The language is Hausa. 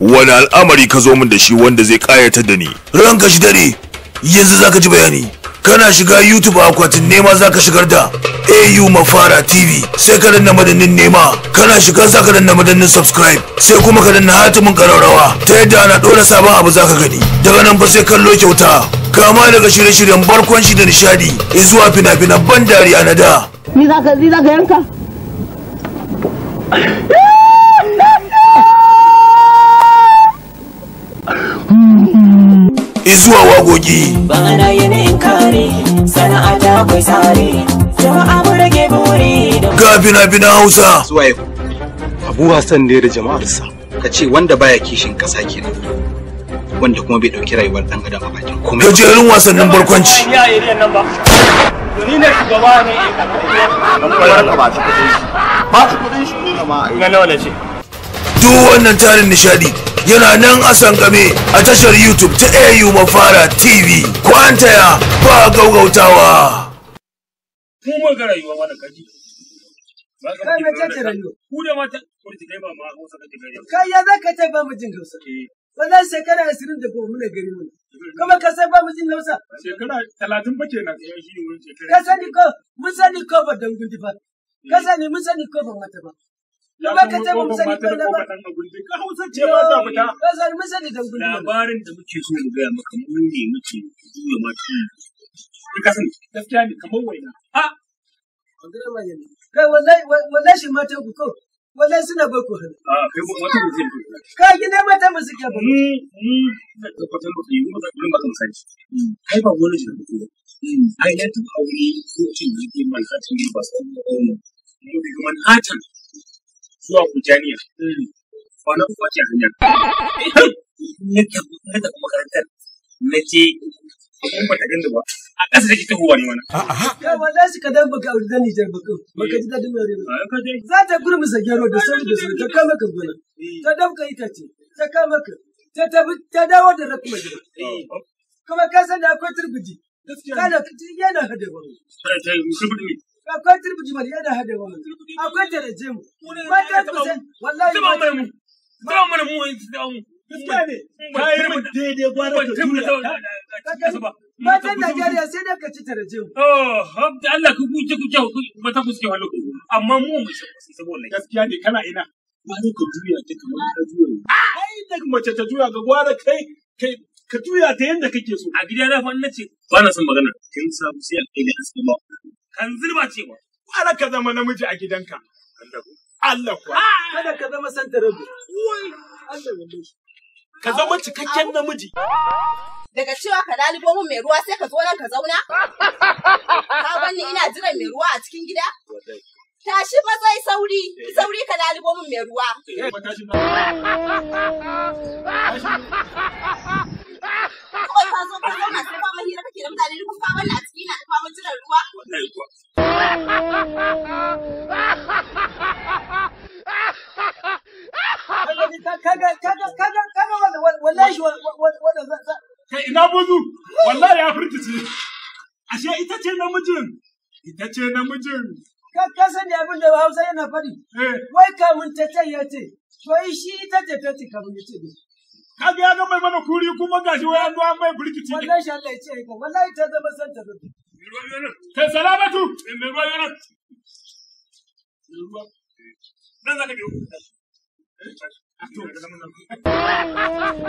wani al'amari ka zo min da shi wanda zai kayatar da ni ranka shi dare yanzu zaka ji bayani kana shiga youtube akwatin nema zaka shigar da au mafara tv sai ka danna madannin nema kana shiga zaka danna madannin subscribe sai kuma ka danna hatimin kararrawa ta yadda ana ɗora sabon abu zaka gani daga nan fa sai kallo kyauta kama daga shirye-shiryen barkwanci da nishadi zuwa fina-finan ban dariya na da ni zaka yanka izuwa wagogi bana yin inkari sana'a ta kai tsari jama'a mu rage buri ga bina-bina hausa suwaye abu hassan ne da jama'arsa ka ce wanda baya kishin kasa kenan wanda kuma bai dauki rayuwar dan adam a bakin komai gajerun wasannin barkwanci ni ne shugaba ne ba ne duk wannan tarin nishadi yana nan a sangame a tashar YouTube ta AU Mafara TV. Kwantaya ba gaugautawa. Ku ma ga rayuwa wani kaji. Kai na ce rayuwa. Ku da mata kurti kurtikai ba ma Hausa kake gari. Kai ya zaka ce ba mu jin Hausa. Eh. zan shekara 20 da goma muna gari mun. Kuma ka sai ba mu jin Hausa. Shekara 30 ba kenan. Ka sani ko mun sani ko ba dangun difa. Ka sani mun sani ko ba mata ba. lokacin mu sani ba na ba ka hausa ce ba ta ba mu sani gudu labarin da muke so mu gaya maka mun ne muke juya ma ki ka sani gaskiya ne kamar waina a kai wallahi wallahi shi mata ku ko wallahi suna ba ku hannu a ah, kai mu mata mu zai ka gida mata mu suke ba mu mu da tabbatar maka yi mu da gurin ba kan kai ba wani shi ku ai na tuba aure ko cin yake mai ka tun ba sai mu ko mu kuma hatan zuwa Kujaniya. Kwana uku a kuma Na tafi makarantar na je kuma ba ta ganda ba. A ƙasa take tahowa ne wani. Ba za su ka dan baka aure dan Nijar baka. Baka ji daɗin wari ba. Za ta gurmusa gero da sauri da sauri ta kama ka gona. Eh. Ta ita itace. Ta kama ka. Ta tafi ta dawo da rakuma gida. Eh. Kuma ka san da akwai turbuji. Yana yana hada ba. Turbuji ne. akwai turbiji mai yana hada wani akwai tarajim akwai tarbisan wallahi zuba mana mu zuba mana mu wani zuba mu ka yi mu daidai gwara ta tura matan Najeriya sai da ka ci tarajim oh da Allah ku kuce kuce ba ta kuske wani ku amma mu mu saboda gaskiya ne kana ina ba ne ka juya ta kamar ka juya ai da mace ta juya ga gwara kai kai ka juya ta yadda kake so a gida na fa na ce ba na son magana kin samu sai a kai da asma kanzil ba ce ba. Kwara ka zama namiji a gidanka. Allah kuwa. Ah! Kada ka zama santa rabu. Ka zama cikakken namiji. Daga cewa ka dalibo mun mai ruwa sai ka zo nan ka zauna? Ka bani ina jiran mai ruwa a cikin gida? Tashi ba zai sauri, sauri ka dalibo mun mai ruwa. Eh, Kawai ka zo ka zauna sai ba kake da mutane duk ka Kai ina buzu, wallahi ya firkice. Ashe ita ce namijin, ita ce namijin. Ka sani abin da Hausa yana faɗi. Eh. Wai kamun ta ce ya ce, to shi ita ce ta ce kamun ya ce. ga ya gama mana kuri kuma gashi wai an zo an bai birkici. Wallahi shi Allah ya ce ka, wallahi ta zama san ta zama. Kai salamatu, eh, mai ruwa yana. ruwa. Eh. Nan zaka ka Ah, tu, ah, tu.